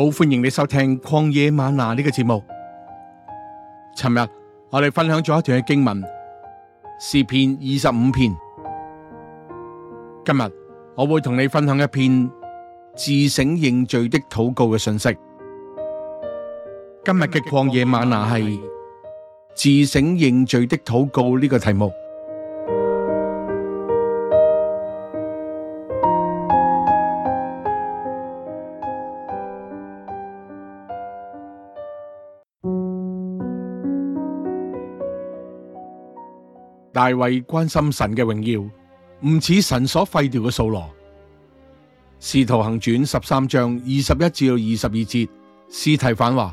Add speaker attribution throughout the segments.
Speaker 1: 好，歡迎你收聽曠野嗎哪呢個節目。大衛關心神嘅榮耀，唔似神所廢掉嘅掃羅。使徒行傳十三章二十一至到二十二節，司提反話，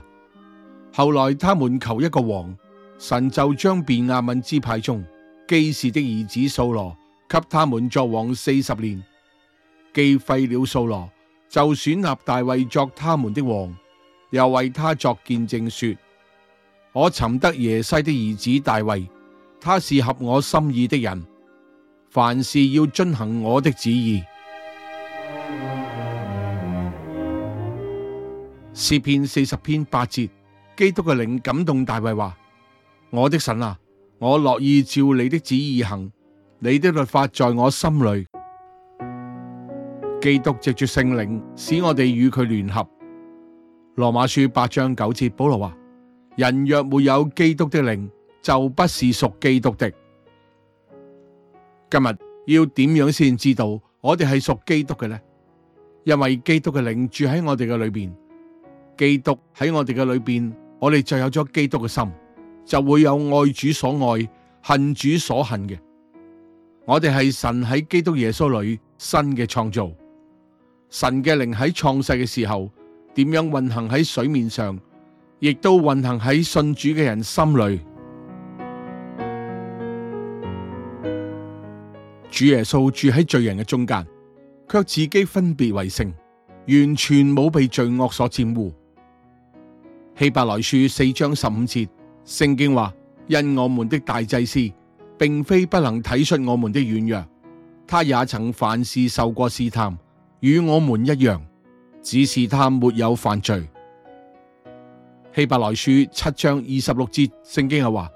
Speaker 1: 後來他們求一個王，神就將便雅憫支派中基士的兒子掃羅給他們作王四十年。既廢了掃羅，就選立大衛作他們的王，又為他作見證說：我尋得耶西的兒子大衛。他是合我心意的人，凡事要遵行我的旨意。詩 篇四十篇八節，基督嘅靈感動大衛話：我的神啊，我樂意照你的旨意行，你的律法在我心裏。 基督藉住聖靈，使我哋與佢聯合。羅馬書八章九節，保羅話：人若沒有基督的靈。就不是屬基督的。今日要點樣先知道我哋係屬基督嘅呢？因為基督嘅靈住喺我哋嘅裏邊，基督喺我哋嘅裏邊，我哋就有咗基督嘅心，就會有愛主所愛、恨主所恨嘅。我哋係神喺基督耶穌裏新嘅創造，神嘅靈喺創世嘅時候點樣運行喺水面上，亦都運行喺信主嘅人心裏。主耶穌住喺罪人嘅中間，卻自己分別為聖，完全冇被罪惡所玷污。希伯來書四章十五節，聖經話：因我們的大祭司並非不能體恤我們的軟弱，他也曾凡事受過試探，與我們一樣，只是他沒有犯罪。希伯來書七章二十六節，聖經又話：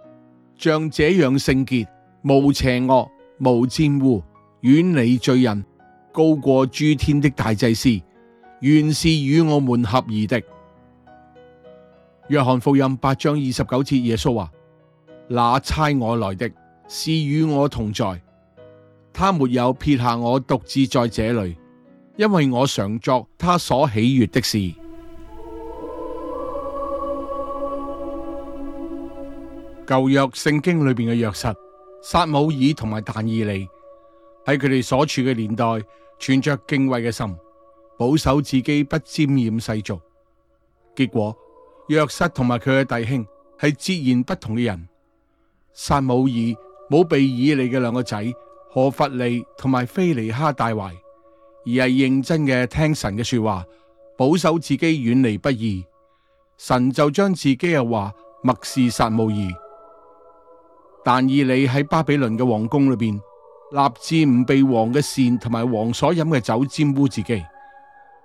Speaker 1: 像這樣聖潔、無邪惡。無玷污、遠離罪人、高過諸天的大祭司，原是與我們合宜的。約翰福音八章二十九節，耶穌話：那差我來的是與我同在，他沒有撇下我獨自在這裡，因為我常作他所喜悦的事。舊約聖經裡邊嘅約瑟。撒母耳同埋但以理喺佢哋所處嘅年代，存着敬畏嘅心，保守自己不沾染世俗。結果約瑟同埋佢嘅弟兄係截然不同嘅人。撒母耳冇被以利嘅兩個仔何弗利同埋非尼哈帶壞，而係認真嘅聽神嘅說話，保守自己遠離不義。神就將自己嘅話默示撒母耳。但以理喺巴比倫嘅王宮裏邊，立志唔被王嘅膳同埋王所飲嘅酒沾污自己，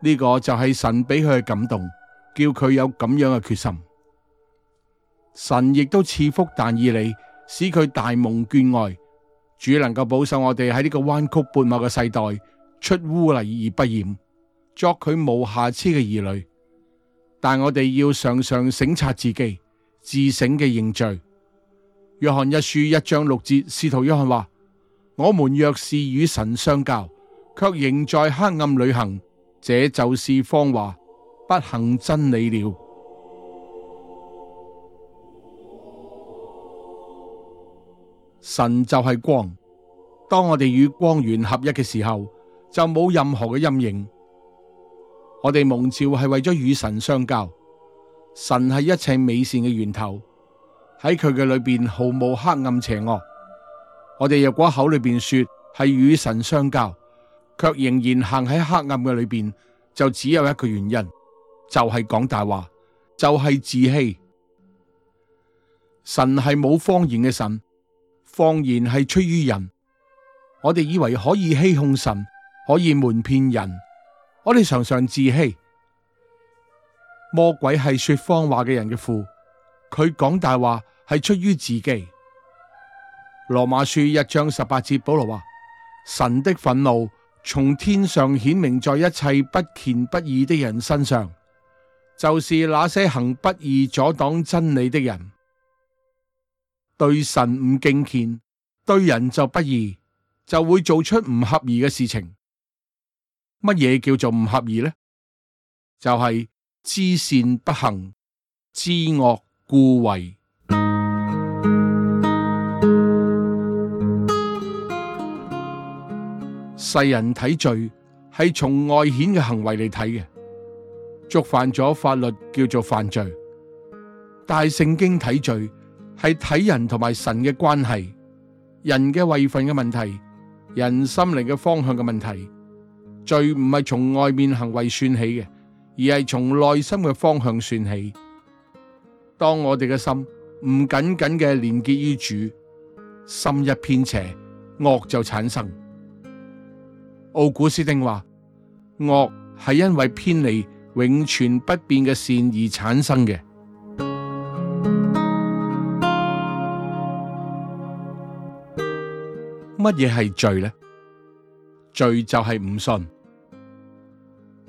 Speaker 1: 呢個就係神俾佢嘅感動，叫佢有咁樣嘅決心。神亦都賜福但以理，使佢大蒙眷愛，主能夠保守我哋喺呢個彎曲悖謬嘅世代出污泥而不染，作佢無瑕疵嘅兒女。但我哋要常常省察自己，自省嘅認罪。約翰一書一章六節，使徒約翰話：我們若是與神相交，卻仍在黑暗裏行，這就是謊話，不行真理了。神就係光，當我哋與光源合一嘅時候，就冇任何嘅陰影。我哋蒙召係為咗與神相交，神係一切美善嘅源頭。喺佢嘅裏邊毫無黑暗邪惡。我哋若果口裏邊說係與神相交，卻仍然行喺黑暗嘅裏邊，就只有一個原因，就係講大話，就係自欺。神係冇謊言嘅神，謊言係出於人。我哋以為可以欺哄神，可以瞞騙人，我哋常常自欺。魔鬼係說謊話嘅人嘅父。佢講大話係出於自己。羅馬書一章十八節，保羅話：神的憤怒從天上顯明在一切不虔不義的人身上，就是那些行不義、阻擋真理的人。對神唔敬虔，對人就不義，就會做出唔合義嘅事情。乜嘢叫做唔合義呢？就係知善不行，知惡。故為世人睇罪係從外顯嘅行為嚟睇嘅，觸犯咗法律叫做犯罪。但係聖經睇罪係睇人同埋神嘅關係，人嘅位份嘅問題，人心靈嘅方向嘅問題，罪唔係從外面行為算起嘅，而係從內心嘅方向算起。當我哋嘅心唔緊緊嘅連結於主，心一偏斜，惡就產生。奧古斯丁話：惡係因為偏離永存不變嘅善而產生嘅。乜嘢係罪呢？罪就係唔信。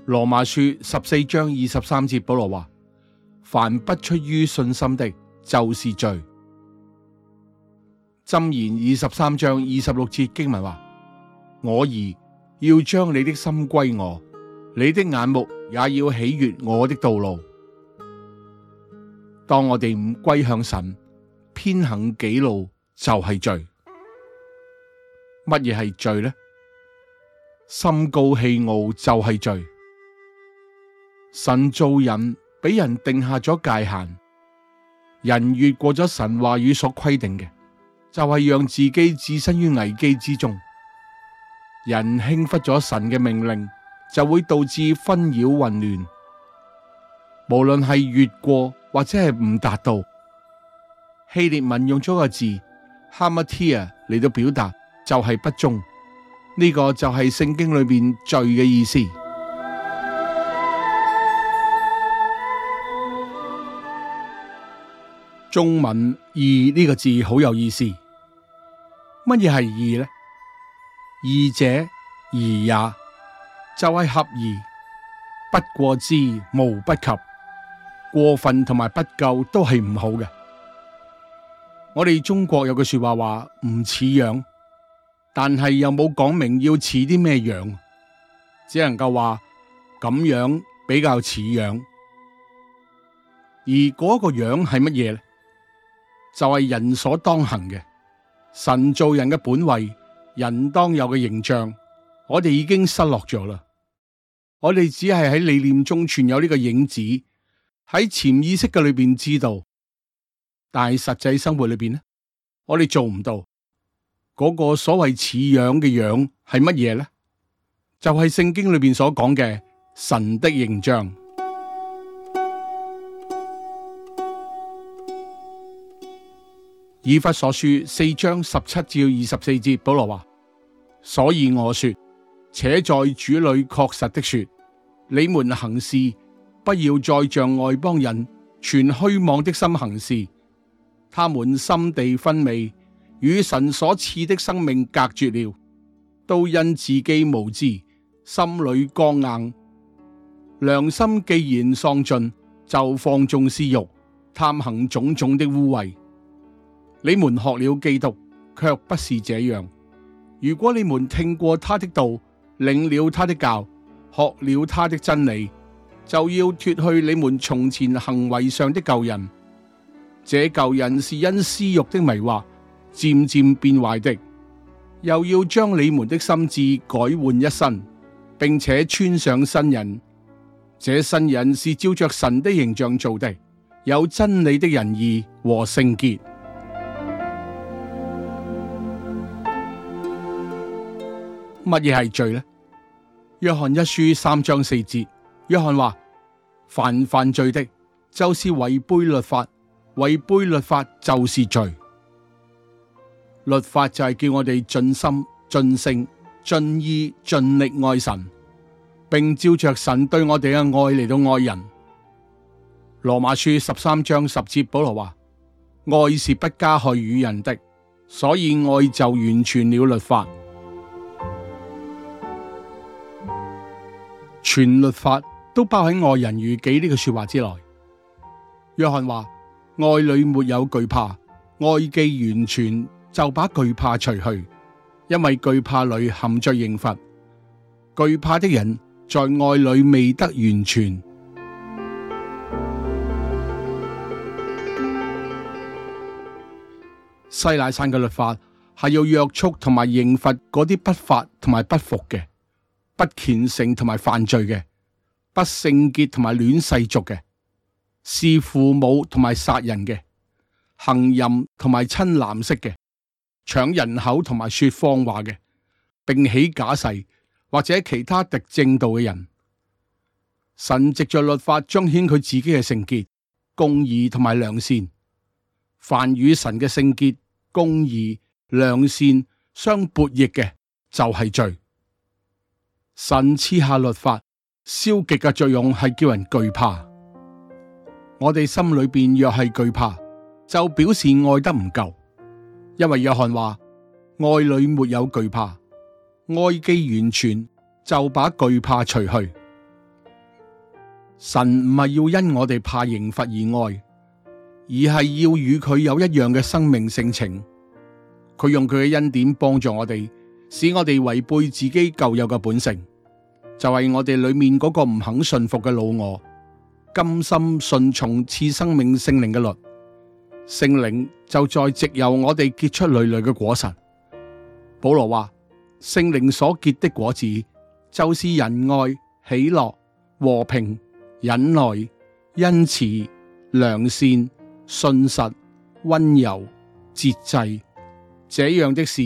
Speaker 1: 羅馬書十四章二十三節，保羅話。凡不出於信心的，就是罪。箴言二十三章二十六節經文話：我兒，要將你的心歸我，你的眼目也要喜悅我的道路。當我哋唔歸向神，偏行己路，就係罪。乜嘢係罪呢？心高氣傲就係罪。神造人。俾人定下咗界限，人越過咗神話語所規定嘅，就係讓自己置身於危機之中。人輕忽咗神嘅命令，就會導致紛擾混亂。無論係越過或者係唔達到，希臘文用咗個字 hamartia 嚟到表達，就係不忠。呢個就係聖經裏面「罪」嘅意思。中文義呢個字好有意思，乜嘢係義呢？義者宜也，就係合宜，不過之無不及，過分同埋不夠都係唔好嘅。我哋中國有句說話話唔似樣，但係又冇講明要似啲咩樣，只能夠話咁樣比較似樣，而嗰個樣係乜嘢咧？就係人所當行嘅，神做人嘅本位，人當有嘅形象，我哋已經失落咗啦。我哋只係喺理念中存有呢個影子，喺潛意識嘅裏邊知道，但係實際生活裏邊咧，我哋做唔到嗰個所謂似樣嘅樣係乜嘢咧？就係聖經裏邊所講嘅神的形象。以弗所書四章十七至二十四節，保羅話：所以我說，且在主裏確實的說，你們行事不要再像外邦人，存虛妄的心行事，他們心地昏昧，與神所賜的生命隔絕了，都因自己無知，心裏剛硬，良心既然喪盡，就放縱私欲，貪行種種的污穢。你們學了基督，卻不是這樣。如果你們聽過他的道，領了他的教，學了他的真理，就要脱去你們從前行為上的舊人。這舊人是因私欲的迷惑漸漸變壞的，又要將你們的心志改換一新，並且穿上新人。這新人是照着神的形象造的，有真理的仁義和聖潔。乜嘢係罪咧？約翰一書三章四節，約翰話：犯犯罪的，就是違背律法；違背律法，就是罪。律法就係叫我哋盡心、盡性、盡意、盡力愛神，並照着神對我哋嘅愛嚟到愛人。羅馬書十三章十節，保羅話：愛是不加害與人的，所以愛就完全了律法。全律法都包喺愛人如己呢句說話之內。約翰話：愛裏沒有懼怕，愛既完全，就把懼怕除去，因為懼怕裏含着刑罰。懼怕的人在愛裏未得完全。 西乃山嘅律法係要約束同埋刑罰嗰啲不法同埋不服嘅。不虔誠同埋犯罪嘅，不聖潔同埋戀世俗嘅，弒父母同埋殺人嘅，行淫同埋親男色嘅，搶人口同埋說謊話嘅，並起假誓或者其他敵正道嘅人，神藉着律法彰顯佢自己嘅聖潔、公義同埋良善。凡與神嘅聖潔、公義、良善相悖逆嘅，就係罪。神賜下律法，消極嘅作用係叫人懼怕。我哋心裏邊若係懼怕，就表示愛得唔夠。因為約翰話：愛裏沒有懼怕，愛既完全，就把懼怕除去。神唔係要因我哋怕刑罰而愛，而係要與佢有一樣嘅生命性情。佢用佢嘅恩典幫助我哋。使我哋違背自己舊有嘅本性，就係、是、我哋裏面嗰個唔肯信服嘅老我，甘心順從賜生命聖靈嘅律，聖靈就再藉由我哋結出累累嘅果實。保羅話：聖靈所結的果子，就是仁愛、喜樂、和平、忍耐、恩慈、良善、信實、温柔、節制，這樣的事。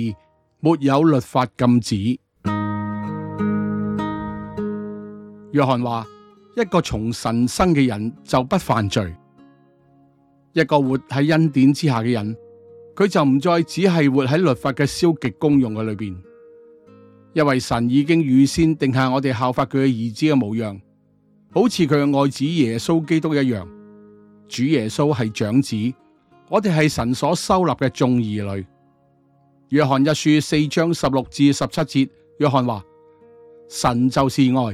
Speaker 1: 沒有律法禁止。約翰話：一個從神生嘅人就不犯罪；一個活喺恩典之下嘅人，佢就唔再只係活喺律法嘅消極功用嘅裏邊。因為神已經預先定下我哋效法佢嘅兒子嘅模樣，好似佢嘅愛子耶穌基督一樣。主耶穌係長子，我哋係神所收納嘅眾兒女。約翰一書四章十六至十七節，約翰話：神就是愛，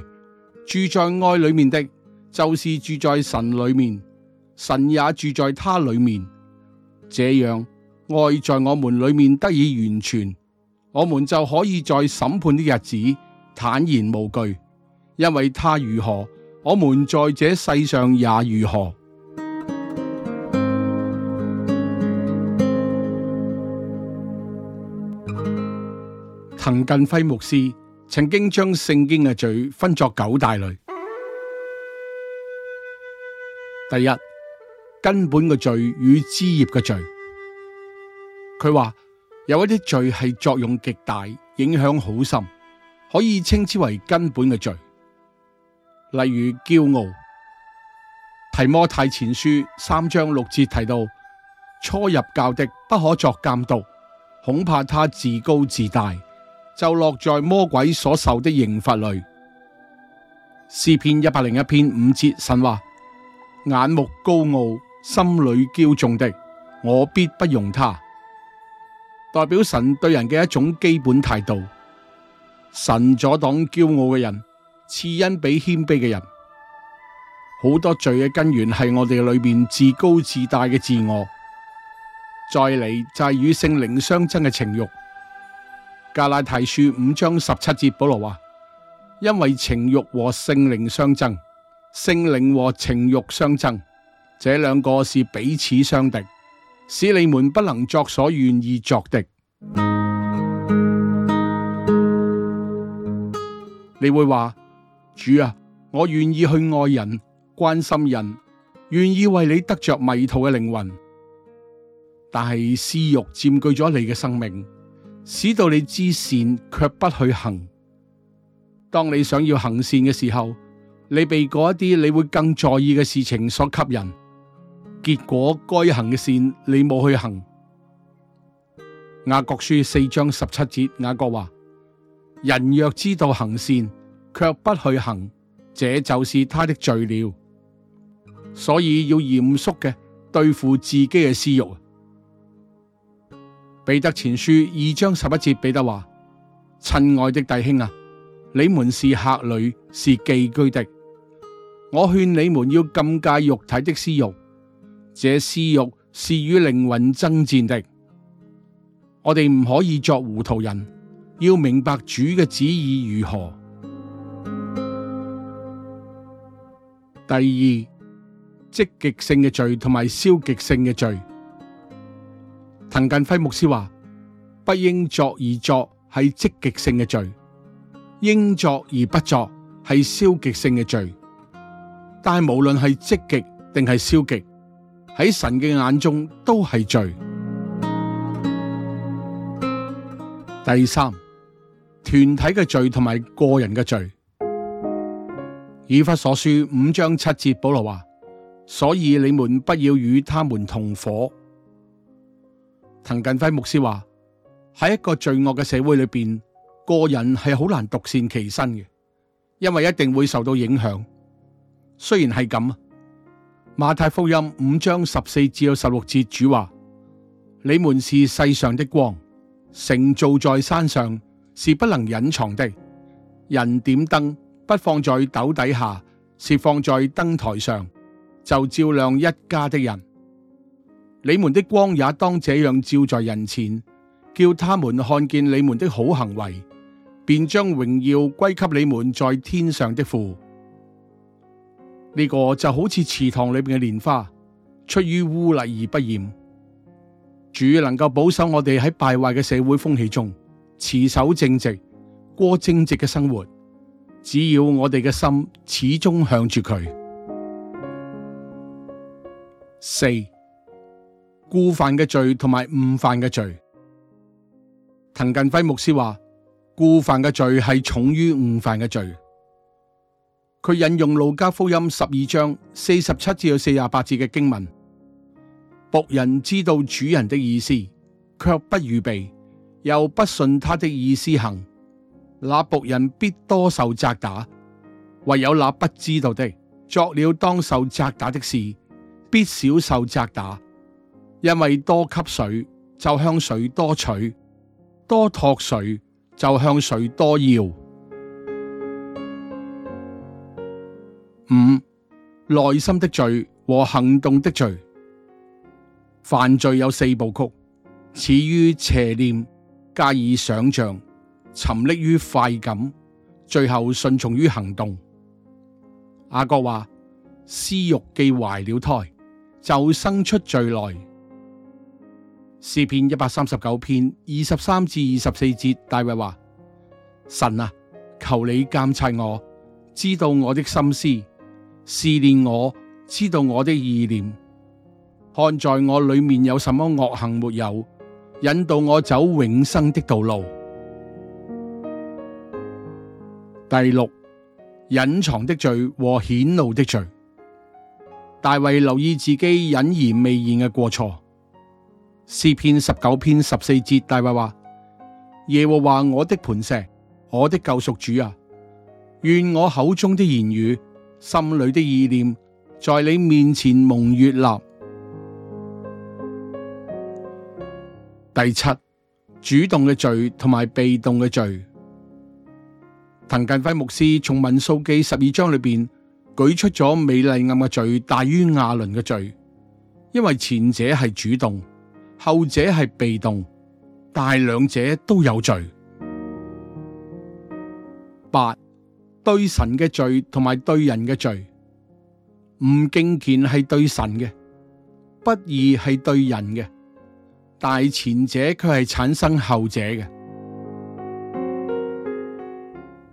Speaker 1: 住在愛裏面的，就是住在神裏面，神也住在他裏面。這樣，愛在我們裏面得以完全，我們就可以在審判的日子坦然無懼，因為他如何，我們在這世上也如何。滕近輝牧師曾經將聖經嘅罪分作九大類。第一，根本嘅罪與枝葉嘅罪。佢話有一啲罪係作用極大，影響好深，可以稱之為根本嘅罪。例如驕傲。提摩太前書三章六節提到：初入教的不可作監督，恐怕他自高自大。就落在魔鬼所受的刑罰裏。詩篇一百零一篇五節，神話眼目高傲、心裏驕縱的，我必不容他。代表神對人嘅一種基本態度：神阻擋驕傲嘅人，賜恩俾謙卑嘅人。好多罪嘅根源係我哋裏面自高自大嘅自我。再嚟就係與聖靈相爭嘅情欲。加拉太書五章十七節，保羅話：因為情欲和聖靈相爭，聖靈和情欲相爭，這兩個是彼此相敵，使你們不能作所願意作的。 你會話：主啊，我願意去愛人、關心人，願意為你得着迷途嘅靈魂，但係私欲占據咗你嘅生命。使到你知善卻不去行，當你想要行善嘅時候，你被嗰一啲你會更在意嘅事情所吸引，結果該行嘅善你冇去行。雅各書四章十七節，雅各話：人若知道行善卻不去行，這就是他的罪了。所以要嚴肅嘅對付自己嘅私欲。彼得前書二章十一節彼得話：親愛的弟兄啊，你們是客旅，是寄居的。我勸你們要禁戒肉體的私欲，這私欲是與靈魂爭戰的。我哋唔可以作糊塗人，要明白主嘅旨意如何。第二，積極性嘅罪同埋消極性嘅罪。陳近輝牧師話：不應作而作係積極性嘅罪，應作而不作係消極性嘅罪。但係無論係積極定係消極，喺神嘅眼中都係罪。第三，團體嘅罪同埋個人嘅罪。以弗所書五章七節，保羅話：所以你們不要與他們同夥。滕近輝牧師話：喺一個罪惡嘅社會裏邊，個人係好難獨善其身嘅，因為一定會受到影響。雖然係咁，馬太福音五章十四至十六節，主話：你們是世上的光，城造在山上是不能隱藏的，人點燈不放在斗底下，是放在燈台上，就照亮一家的人。你們的光也當這樣照在人前，叫他們看見你們的好行為，便將榮耀歸給你們在天上的父。呢個就好似池塘裏面嘅蓮花，出於污泥而不染。主要能夠保守我哋喺敗壞嘅社會風氣中，持守正直、過正直嘅生活。只要我哋嘅心始終向住佢。四。故犯嘅罪同埋誤犯嘅罪，滕近輝牧師話：故犯嘅罪係重於誤犯嘅罪。佢引用路加福音十二章四十七至到四十八節嘅經文：僕人知道主人的意思，却不預備，又不信他的意思行，那僕人必多受責打；唯有那不知道的，作了當受責打的事，必少受責打。因為多給誰就向誰多取，多託誰就向誰多要。五、內心的罪和行動的罪，犯罪有四部曲：始於邪念，加以想象，沉溺於快感，最後順從於行動。雅各話：私欲既懷了胎，就生出罪來。詩篇一百三十九篇二十三至二十四節，大衛話：神啊，求你監察我，知道我的心思，試煉我，知道我的意念，看在我裏面有什麼惡行沒有，引導我走永生的道路。第六，隱藏的罪和顯露的罪，大衛留意自己隱而未現嘅過錯。詩篇十九篇十四節，大衛話：耶和華我的磐石，我的救贖主啊，願我口中的言語、心裏的意念，在你面前蒙悦納。第七，主動嘅罪同埋被動嘅罪。滕近輝牧師從民數記十二章裏邊舉出咗米利暗嘅罪大於亞倫嘅罪，因為前者係主動。後者係被動，但係兩者都有罪。八，對神嘅罪同埋對人嘅罪，唔敬虔係對神嘅，不義係對人嘅，但係前者卻係產生後者嘅。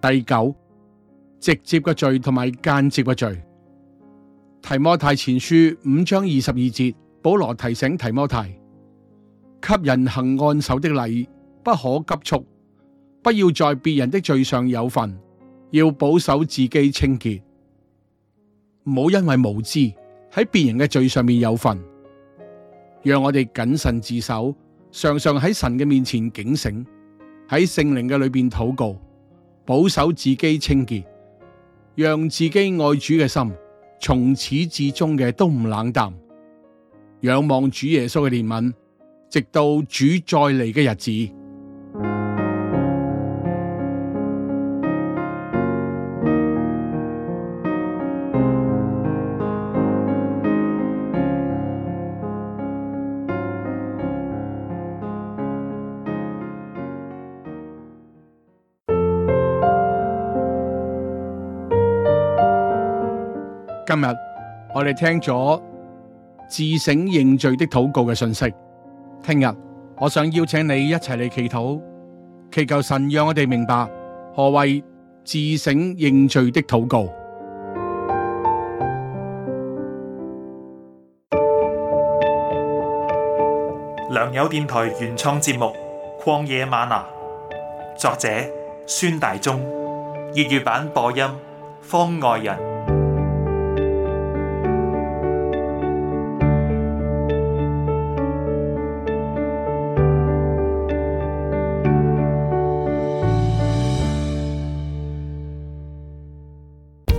Speaker 1: 第九，直接嘅罪同埋間接嘅罪。提摩太前書五章二十二節，保羅提醒提摩太。給人行按手的禮，不可急促；不要在別人的罪上有份，要保守自己清潔。唔好因為無知喺別人嘅罪上面有份。讓我哋謹慎自守，常常喺神嘅面前警醒，喺聖靈嘅裏邊禱告，保守自己清潔，讓自己愛主嘅心從始至終嘅都唔冷淡，仰望主耶穌嘅憐憫。直到主再嚟嘅日子。今日我哋聽咗自省認罪的禱告嘅信息。聽日，我想邀請你一齊嚟祈禱，祈求神讓我哋明白何謂自省認罪的禱告。良友電台原創節目《曠野嗎哪》，作者孫大中，粵語版播音方外人。